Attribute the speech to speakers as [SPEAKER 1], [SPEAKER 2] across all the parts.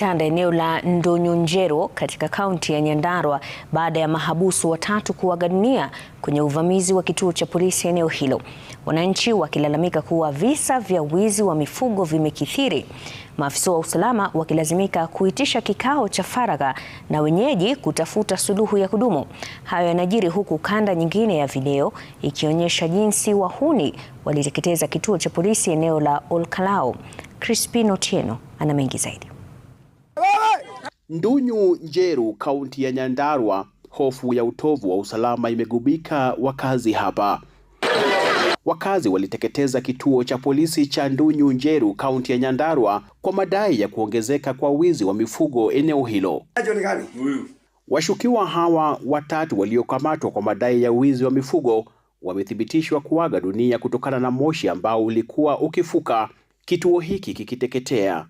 [SPEAKER 1] Tanda eneo la Ndonyonjero katika kaunti ya Nyandarua baada ya mahabusu watatu kuaga dunia kwenye uvamizi wa kituo cha polisi eneo hilo. Wananchi wakilalamika kuwa visa vya wizi wa mifugo vimekithiri. Maafisa wa usalama wakilazimika kuitisha kikao cha faragha na wenyeji kutafuta suluhu ya kudumu. Hayo yanajiri huku kanda nyingine ya video ikionyesha jinsi wahuni waliteketeza kituo cha polisi eneo la Olkalou. Crispino Tieno ana mengi zaidi.
[SPEAKER 2] Ndunyu Njeru, kaunti ya Nyandarua, hofu ya utovu wa usalama imegubika wakazi hapa. Wakazi waliteketeza kituo cha polisi cha Ndunyu Njeru, kaunti ya Nyandarua, kwa madai ya kuongezeka kwa wizi wa mifugo eneo hilo. Washukiwa hawa watatu waliokamatwa kwa madai ya wizi wa mifugo wamethibitishwa kuaga dunia kutokana na moshi ambao ulikuwa ukifuka kituo hiki kikiteketea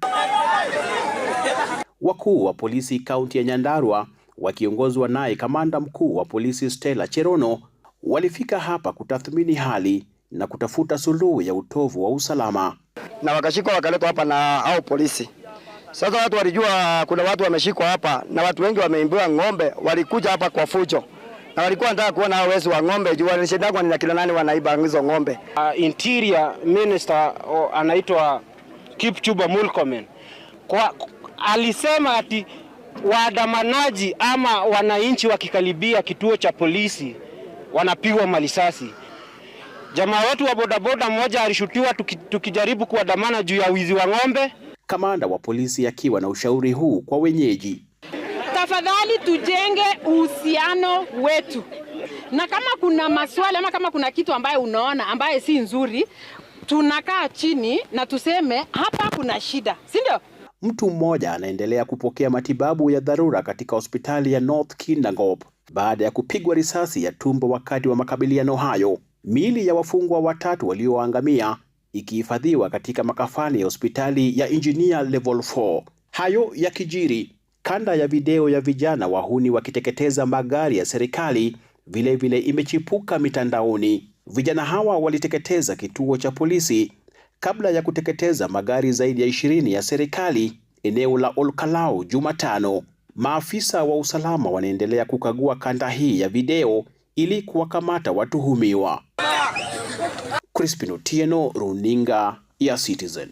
[SPEAKER 2] wakuu wa polisi kaunti ya Nyandarua wakiongozwa naye kamanda mkuu wa polisi Stella Cherono walifika hapa kutathmini hali na kutafuta suluhu ya utovu wa usalama,
[SPEAKER 3] na wakashikwa wakaletwa hapa na hao polisi. Sasa watu walijua kuna watu wameshikwa hapa na watu wengi wameimbiwa ng'ombe, walikuja hapa kwa fujo na walikuwa wanataka kuona hao wezi wa ng'ombe juu walishindagwa ni na kila nani wanaiba hizo ng'ombe.
[SPEAKER 4] Uh, interior minister oh, anaitwa Kipchumba Murkomen kwa alisema ati waandamanaji ama wananchi wakikaribia kituo cha polisi wanapigwa marisasi. Jamaa wetu wa bodaboda mmoja alishutiwa tuki, tukijaribu kuandamana juu ya wizi wa ng'ombe.
[SPEAKER 2] Kamanda wa polisi akiwa na ushauri huu kwa wenyeji:
[SPEAKER 5] tafadhali tujenge uhusiano wetu, na kama kuna maswali ama kama kuna kitu ambayo unaona ambaye si nzuri, tunakaa chini na tuseme hapa kuna shida, si ndio?
[SPEAKER 2] Mtu mmoja anaendelea kupokea matibabu ya dharura katika hospitali ya North Kindangob baada ya kupigwa risasi ya tumbo wakati wa makabiliano hayo. Miili ya wafungwa watatu walioangamia ikihifadhiwa katika makafani ya hospitali ya Engineer Level 4. Hayo yakijiri, kanda ya video ya vijana wahuni wakiteketeza magari ya serikali vilevile imechipuka mitandaoni. Vijana hawa waliteketeza kituo cha polisi kabla ya kuteketeza magari zaidi ya ishirini ya serikali eneo la Olkalau Jumatano. Maafisa wa usalama wanaendelea kukagua kanda hii ya video ili kuwakamata watuhumiwa. Crispin Otieno, Runinga ya Citizen.